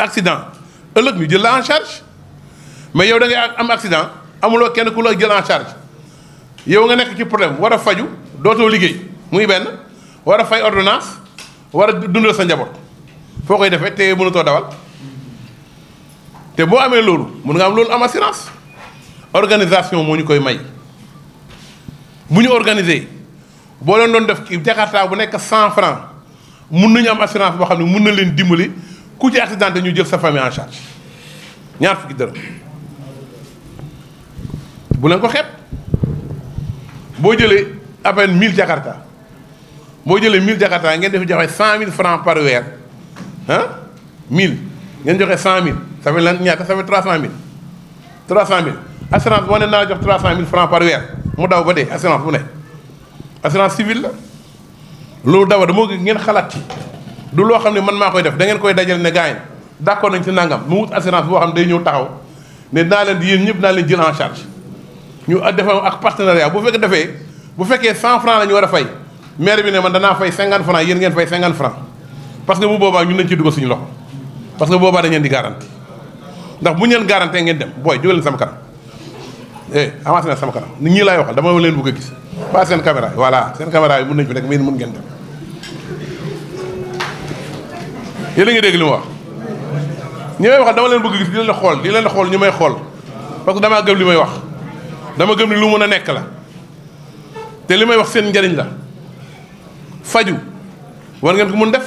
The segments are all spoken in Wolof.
accident ëllëg ñu jël la en charge mais yow da ngay am accident amuloo kenn ku la jël en charge yow nga nekk ci problème war a faju dootoo liggéey muy benn war a fay ordonnance war a dundal sa njaboot foo koy defee te mënatoo dawal te boo amee loolu mun nga am loolu am assurance organisation moo ñu koy may bu ñu organiser boo leen doon def ci jakarta bu nekk cent franc mun nañu am assurance boo xam ne mun na leen dimbali. ku ci accidenté ñu jël sa famille en charge ñaar fukki dërëm bu leen ko xet boo jëlee à mille 1000 jakarta boo jëlee 1000 jakarta ngeen def joxe cent mille francs par weer ah ngeen joxe 100000 ça fait lan ñaata ça fait 300000 300000 assurance boo ne naa jox 300000 francs par weer mu daw ba dee assurance bu ne assurance civile la loolu dawa dama ngeen xalaat ci. du loo xam ne man maa koy def da ngeen koy dajale ne gaañ d'accord nañ ci nangam mu wut assurance boo xam ne day ñëw taxaw ne naa leen di ñëpp naa leen jël en charge ñu defam ak partenariat bu fekkee defee bu fekkee cent franc la ñu war a fay maire bi ne man danaa fay cinquante franc yéen ngeen fay cinquante franc parce que bu boobaa ñun nañ ci dugal suñu loxo parce que boobaa dañ leen di garanti ndax bu ñeen leen ngeen dem booy jógal leen sama kanam eh avancé na sama laay waxal dama leen bëgg a gis pas seen caméra yi voilà seen caméra yi ngeen yéen a ngi dégg li mu wax ñi may wax dama leen bëgg gis di leen xool di leen xool ñu may xool parce damaa gëm li may wax dama gëm ni lu mën a nekk la te li may wax seen njariñ la faju war ngeen ko mun def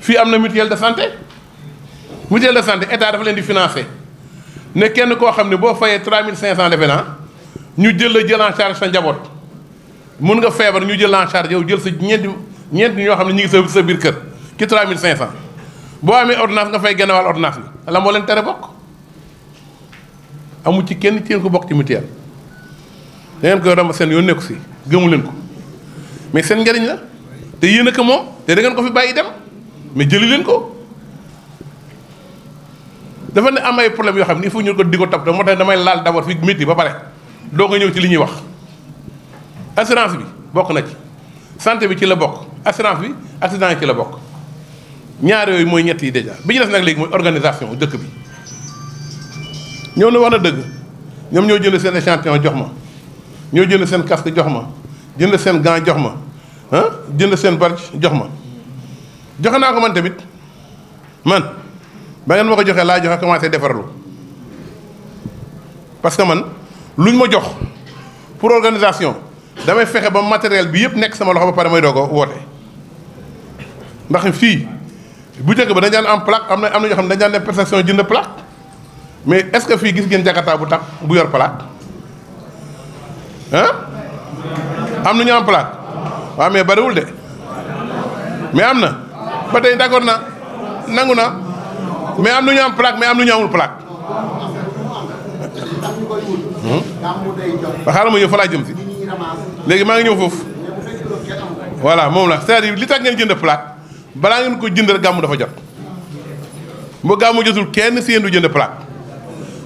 fii am na mutuelle de santé mutuelle de santé état dafa leen di financé ne kenn koo xam ne boo fayee trois mille cinq cent defe naa ñu jël la jël en charge sa njaboot mun nga feebar ñu jël en charge yow jël sa ñeenti ñeenti ñoo xam ne ñu ngi sa sa biir kër ci trois boo amee ordonnance nga fay gennewaal ordonnance bi la moo leen tere bokk amu ci kenn ci ko bokk ci mutuelle da ngeen koy dama seen yoon nekku si gëmu ko mais seen njariñ la te yéen a ko moom te da ko fi bàyyi dem mais jëli leen ko dafa ne am ay problème yoo xam ni il ñu ko di ko topp moo tax damay laal d'abord fi métti ba pare doo nga ñëw ci li ñuy wax assurance bi bokk na ci santé bi ci la bokk assurance bi accident yi ci la bokk ñaar yooyu mooy ñett yi déjà bi ñu def nag léegi mooy organisation dëkk bi ñoo ne wax na dëgg ñoom ñoo jënd seen échantillon jox ma ñoo jënd seen casque jox ma jënd seen gant jox ma ah jënd seen barge jox ma joxe naa ko man tamit man ba ngeen ma ko joxee laa joxe commencé defarlu parce que man luñ ma jox pour organisation damay fexe ba matériel bi yëpp nekk sama loxo ba pare may doo ko woote ndax fii bu njëkk ba dañ daan am plaque am na am na ñoo xam ne dañ daan dem perception jënd plaque mais est-ce que fii gis ngeen jakarta bu tax bu yor plaque ah am na ñu am plaque waaw mais bariwul de mais am na ba tey d'accord na nangu na mais am nu ñu am plaque mais am nu ñu amul plaque. ba ma ñëw fa maa ngi ñëw foofu voilà moom la c'est-à-dire li tax ngeen jënd plaque. balaa ngeen ko jëndal rek gàmmu dafa jot bu gàmmu jotul kenn si seen du jënd plaque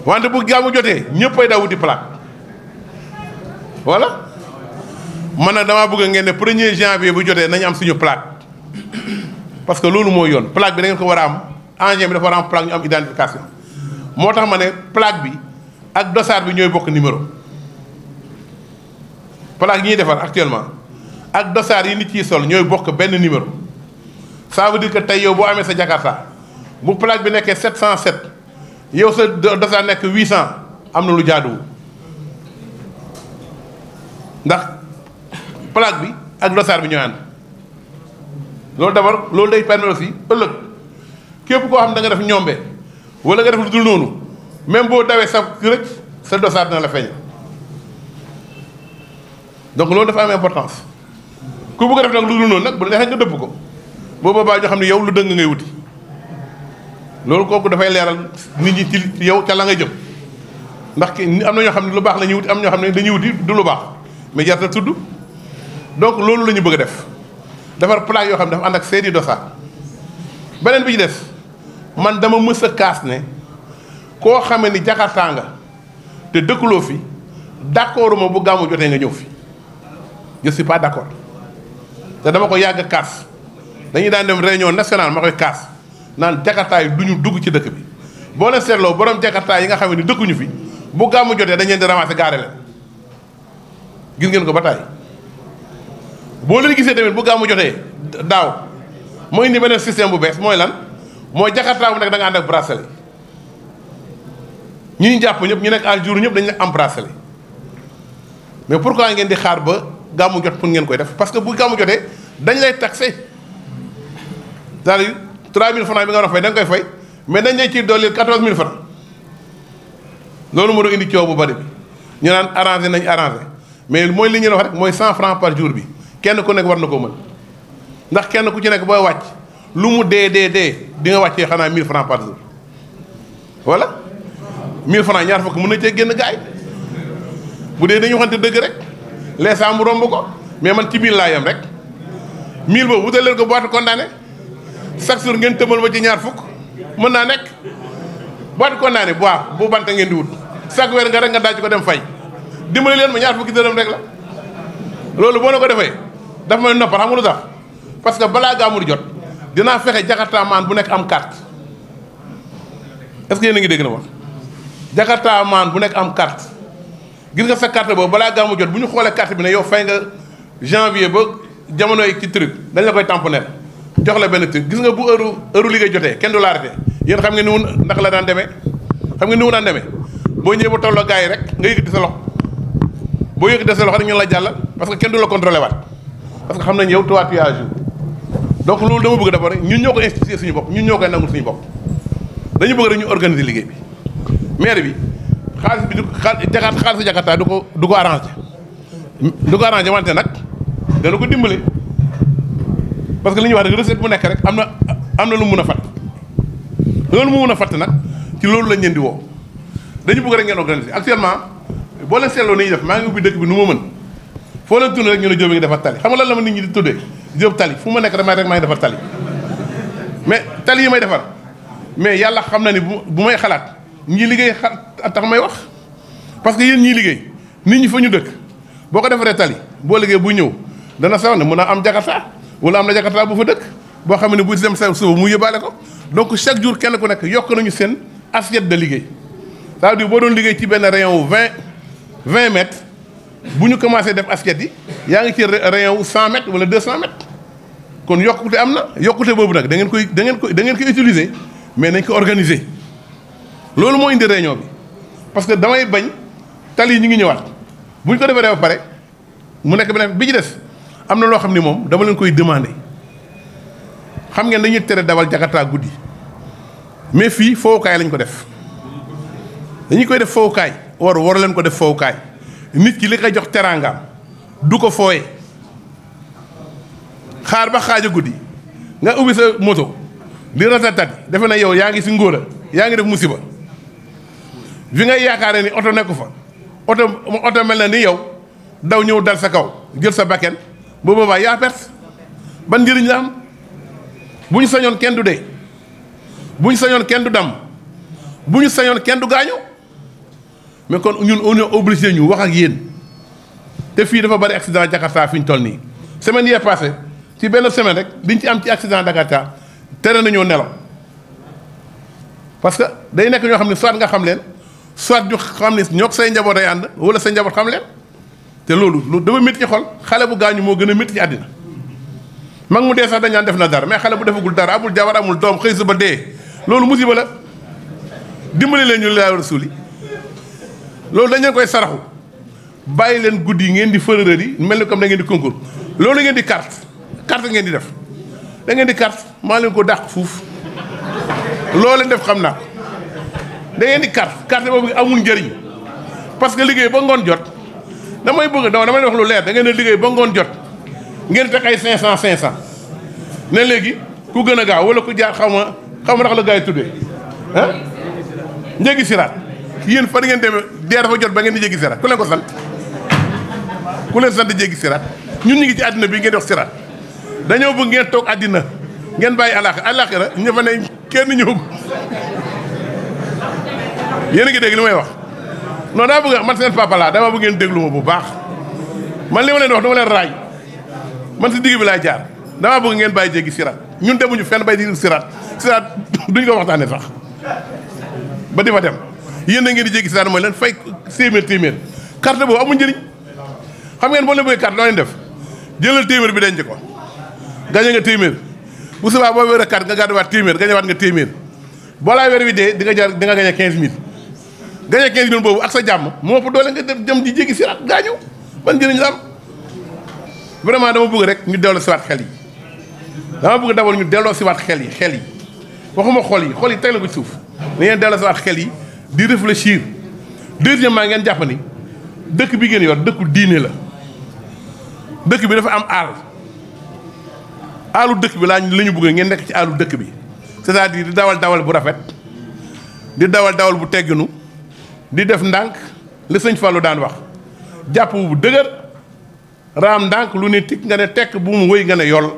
wante bu gàmmu jotee ñëppay daw wuti plaque voilà man nag damaa bëgg ngeen ne premier janvier bu jotee nañu am suñu plaque parce que loolu mooy yoon plaque bi da ko war a am engin bi dafa war a am plaque ñu am identification moo tax ma ne plaque bi ak dossard bi ñooy bokk numéro plaque yi ñuy defar actuellement ak dossard yi nit yi sol ñooy bokk benn numéro. ça veut dire que tey yow boo amee sa jakarta bu plage bi nekkee 707 yow sa dafa nekk 800 am na lu jaaduwul ndax plaque bi ak dosaar bi ñoo ànd loolu d'abord loolu day permettre aussi ëllëg képp koo xam ne nga def ñombe wala nga def lu dul noonu même boo dawee sa rek sa dosaar dina la feeñ donc loolu dafa am importance ku bëgg a def nag lu dul noonu nag bu neexee nga dëpp ko boo boobaa ñoo xam ne yow lu dëng ngay wuti loolu kooku dafay leeral nit ñi ci yow ca la nga jëm ndax ki am na ñoo xam ne lu baax la ñuy wuti am ñoo xam ne dañuy wuti du lu baax mais jarta tudd donc loolu la ñu bëgg a def defar plan yoo xam ne dafa ànd ak seedi dosa beneen bi ñu def man dama mës kaas ne koo xamee ni jakartaa nga te dëkkuloo fi d'accord ma bu gàmmu jotee nga ñëw fi je suis pas d'accord te dama ko yàgg kaas dañuy daan dem réunion nationale ma koy kaas naan jakartaay du ñu dugg ci dëkk bi boo leen seetloo borom jakartaay yi nga xam ne dëkkuñu fi bu gàmmu jotee dañ leen di ngeen ko ba tàyyi boo leen gisee tamit bu gàmmu jotee daaw mooy indi beneen bu bees mooy lan mooy jakartaa bu nekk da nga ànd ak bracelet ñi ñu ñëpp ñu nekk jour ñëpp dañu nekk am bracelet mais pourquoi ngeen di xaar ba gàmmu jot pour ngeen koy def parce que bu gàmmu jotee dañ lay taxé c'est-à-dire 3000 bi nga war a fay da nga koy fay mais dañ lay ciy dolli 14000 francs loolu moo doon indi coow bu bari bi ñu naan arrangé nañ arrangé mais mooy li ñu wax rek mooy cent francs par jour bi kenn ku nekk war na koo mën ndax kenn ku ci nekk booy wàcc lu mu dee dee dee di nga wàccee xanaa 1000 francs par jour voilà 1000 francs ñaar fukk mën na cee génn gaay bu dee dañu waxante dëgg rek les mu romb ko mais man ci 1000 laa yem rek 1000 boobu wutal leen ko boîte condamné. chaque jour ngeen tëmal ma ci ñaar fukk mën naa nekk boo boite ko naa ne bu baax bu banta ngeen di wut chaque weer nga rek nga daaj ko dem fay dimbali leen ma ñaar fukki dërëm rek la loolu boo na ko defee daf may noppal xam nga lu parce que balaa gaa jot dinaa fexe jakarta maan bu nekk am carte est-ce a ngi dégg na wax jakarta maan bu nekk am carte gis nga sa carte boobu balaa gaa jot bu ñu xoolee carte bi ne yow fay nga janvier ba jamono yi ci truc dañ la koy tamponner jox la benn tur gis nga bu heure heure liggéey jotee kenn du la arrêté yéen xam nga ni woon ndax la daan demee xam nga ni naa daan boo ñëwee ba tolloo gars yi rek nga yëkkati sa loxo boo yëkkati sa loxo rek ñu la jàll parce que kenn du la contrôlé waat parce que xam nañ yow toi tu es à jour donc loolu dama bëgg d'abord ñun ñoo ko instituer suñu bopp ñun ñoo koy nangul suñu bopp dañu bëgg rek ñu organiser liggéey bi maire bi xaalis bi du xaalis jakarta du ko du ko arrangé du ko arrangé wante dana ko dimbale parce que li ñuy wax rek recette bu nekk rek am na am na lu mun a fàtt loolu mu mun a fàtt nag ci loolu lañ leen di woo dañu bëgg rek ngeen organiser actuellement boo leen seetloo ni ñuy def maa ngi ubbi dëkk bi nu ma mën foo leen tourné rek ñu ne Diop a ngi defar tali xam nga lan la ma nit di tuddee Diop tali fu ma nekk damay rek maa ngi defar tali mais tali yi may defar mais yàlla xam na ni bu bu may xalaat ñi liggéey xa tax may wax parce que yéen ñii liggéey nit ñi fa ñu dëkk boo ko defaree tali boo liggéey bu ñëw dana saw ne mën a am jakarta wala am na jakarta bu fa dëkk boo xam ne bu dem sa suba mu yóbbaale ko donc chaque jour kenn ku nekk yokk nañu seen assiette de liggéey cest à boo doon liggéey ci benn rayon wu vingt vingt mètres bu ñu commencé def assiette yi yaa ngi ci rayon wu cent mètres wala deux cent mètres kon yokkute am na yokkute boobu nag da ngeen koy da ngeen koy dangeen ngeen koy utiliser mais nañ ko organiser loolu moo indi réunion bi parce que damay bañ tali yi ñu ngi ñëwaat bu ñu ko defee ba pare mu nekk beneen bi ci des. am na loo xam ni moom dama leen koy demandé xam ngeen dañuy tere dawal jakarta guddi mais fii fowukaay lañ ko def dañu koy def fowukaay war war leen ko def fowukaay nit ki li koy jox teraangaam du ko fooye xaar ba xaaja guddi nga ubbi sa moto di ratatat defe na yow yaa ngi si ngóora yaa ngi def musiba fi ngay yaakaare ni oto nekku fa oto oto mel na ni yow daw ñëw dal sa kaw jël sa bakken bu boobaa yaa perte ban njëriñ la am bu ñu sañoon kenn du dee bu ñu sañoon kenn du dam bu ñu sañoon kenn du gaañu mais kon ñun on est obligé ñu wax ak yéen te fii dafa bari accident Jakarta fi ñu toll nii semaine yee passé ci benn semaine rek liñ ci am ci accident Jakarta tere nañoo nelaw parce que day nekk ñoo xam ne soit nga xam leen soit ñu xam ne ñoo ko say njaboot day ànd wala say njaboot xam leen. te loolu loolu dafa métti ci xol xale bu gaañu moo gën a métti ci àddina mag mu dee sax dañaan def na dara mais xale bu defagul dara amul jabar amul doom xëy sa ba dee loolu musiba la dimbali leen ñu laa rasul yi loolu dañ koy saraxu bàyyi leen guddi yi ngeen di fërërër yi mel ni comme da ngeen di concours loolu ngeen di carte carte ngeen di def da di carte maa leen ko dàq fuuf loo leen def xam naa da ngeen di carte carte boobu amul njëriñ parce que liggéey ba ngoon jot damay bëgg dama damay wax lu leer da ngeen a liggéey ba ngoon jot ngeen teg ay 500 500 ne léegi ku gën a gaaw wala ku jaar xawma ma xaw ma ndax la gars yi tuddee ah. njëgi siraat yéen fa ngeen demee deer dafa jot ba ngeen di jéggi siraat ku leen ko sant ku leen sant jéggi siraat ñun ñu ngi ci àddina bi ngeen dox siraat dañoo bëgg ngeen toog àddina ngeen bàyyi àllaaxira àllaaxira ña fa ne kenn ñëw yéen a ngi dégg li may wax. non daa bëgg man seen papa laa dama bëgg ngeen déglu ma bu baax man li ma leen wax dama leen raay man si digg bi laay jaar dama bëgg ngeen bàyyi jéggi siraat ñun demuñu fenn bay siraat siraat duñ ko waxtaanee sax ba di fa dem yéen a ngeen di jéggi siraat mooy leen fay téeméer téeméer carte boo amul njëriñ xam ngeen boo leen bëggee carte noo def jëlal téeméer bi denc ko gañe nga téeméer bu subaa boo wéer a carte nga gàdduwaat téeméer gañewaat nga téeméer boo laa weer wi dee di nga jaar di gañe quinze millions boobu ak sa jàmm moo fa doole nga jëm di jéggi siraat gaañu man jëriñ la am vraiment dama bëgg rek ñu delloo siwaat xel yi dama bëgg dawal ñu delloo siwaat xel yi xel yi waxuma xol yi xol yi teg la ko suuf na ngeen delloo siwaat xel yi di réfléchir maa ngeen jàpp ni dëkk bi ngeen yoon dëkku diine la dëkk bi dafa am aal aalu dëkk bi laa la ñu bëgg ngeen nekk ci aalu dëkk bi c'est-à-dire di dawal dawal bu rafet di dawal dawal bu tegginu di def ndànk li sëñ Fallou daan wax jàpp bu dëgër raam ndànk lu ne tikk nga ne tekk bu mu wëy nga ne yool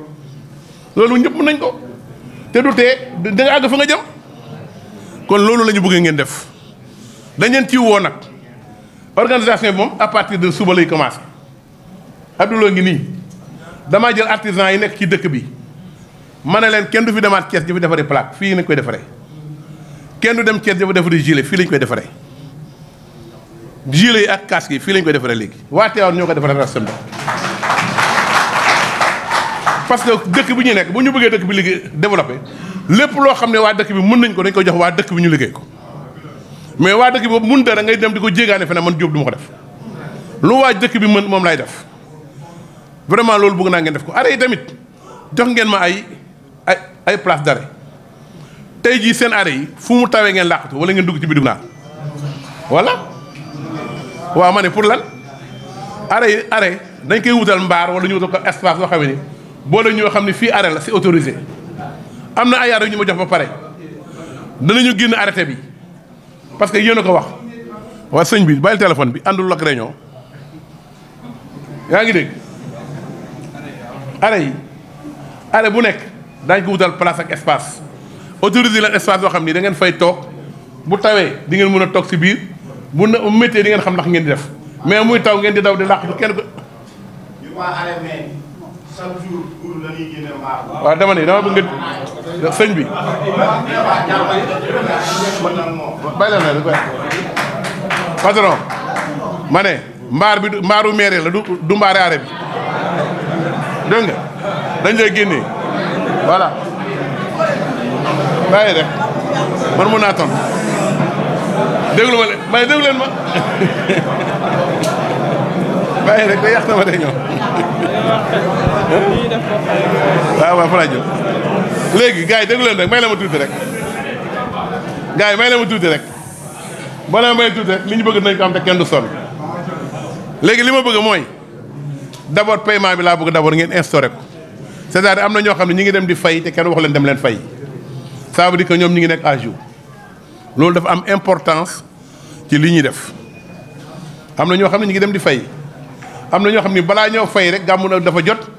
loolu ñëpp nañ ko te du tee da nga àgg fa nga jëm kon loolu lañu ñu ngeen def dañ leen ci woo nag organisation bi moom à partir de suba lay commencé Abdoulaye ngi nii damaa jël artisan yi nekk ci dëkk bi ma ne leen kenn du fi demaat Thiès di fi defaree plaque fii lañ koy defaree kenn du dem Thiès di fa defaree gilet fii lañ koy defaree. gilet yi ak casque yi fii lañ koy defaree léegi waa Tivaouane ñoo ko defaree rassemble parce que dëkk bi ñu nekk bu ñu bëggee dëkk bi liggéey développé lépp loo xam ne waa dëkk bi mën nañ ko dañ koy jox waa dëkk bi ñu liggéey ko mais waa dëkk boobu mun dara ngay dem di ko jéegaane feneen man Diop du ma ko def lu waa dëkk bi mën moom laay def vraiment loolu bëgg naa ngeen def ko arrêt yi tamit jox ngeen ma ay ay ay place d'arrêt tey jii seen arrêt yi fu mu tawee ngeen làqatu wala ngeen dugg ci biir dugub waaw ma ne pour lan arrêt yi arrêt dañ koy wutal mbaar wala ñu wutal ko espace boo xam ne boo la ñoo xam ne fii arrêt la si autorisé am na ay arrêt yu ñu ma jox ba pare danañu génn arrêté bi parce que yéen a ko wax waa sëñ bi bàyyi téléphone bi àndul ak réunion yaa ngi dégg arrêt yi arrêt bu nekk daañ ko wutal place ak espace autorisé la espace boo xam ni da ngeen fay toog bu tawee di ngeen mën a toog si biir bu na di ngeen xam ndax ngeen di def mais muy taw ngeen di daw di làq ci kenn ko waaw dama dama bëgg nga sëñ bi la na patron ma mbaar bi mbaaru meere la du du mbaare aare bi dégg nga dañ génnee voilà bàyyi rek man mun naa déglu ma leen may déglu leen ma bàyyi rek day yàq sama day ñëw waaw waaw fa laa leen rek may la ma tuuti rek gars yi may la ma tuuti rek boo leen may tuuti rek li ñu bëgg nañ ko am te kenn du sonn léegi li ma bëgg mooy d'abord paiement bi laa bëgg d'abord ngeen instauré ko cest à am na ñoo xam ne ñi ngi dem di fay te kenn waxu leen dem leen fay saabu veut dire que ñoom ñi ngi nekk à jour loolu dafa am importance ci li ñuy def am na ñoo xam ne ñu ngi dem di fay am na ñoo xam ni balaa ñoo fay rek gàmmu na dafa jot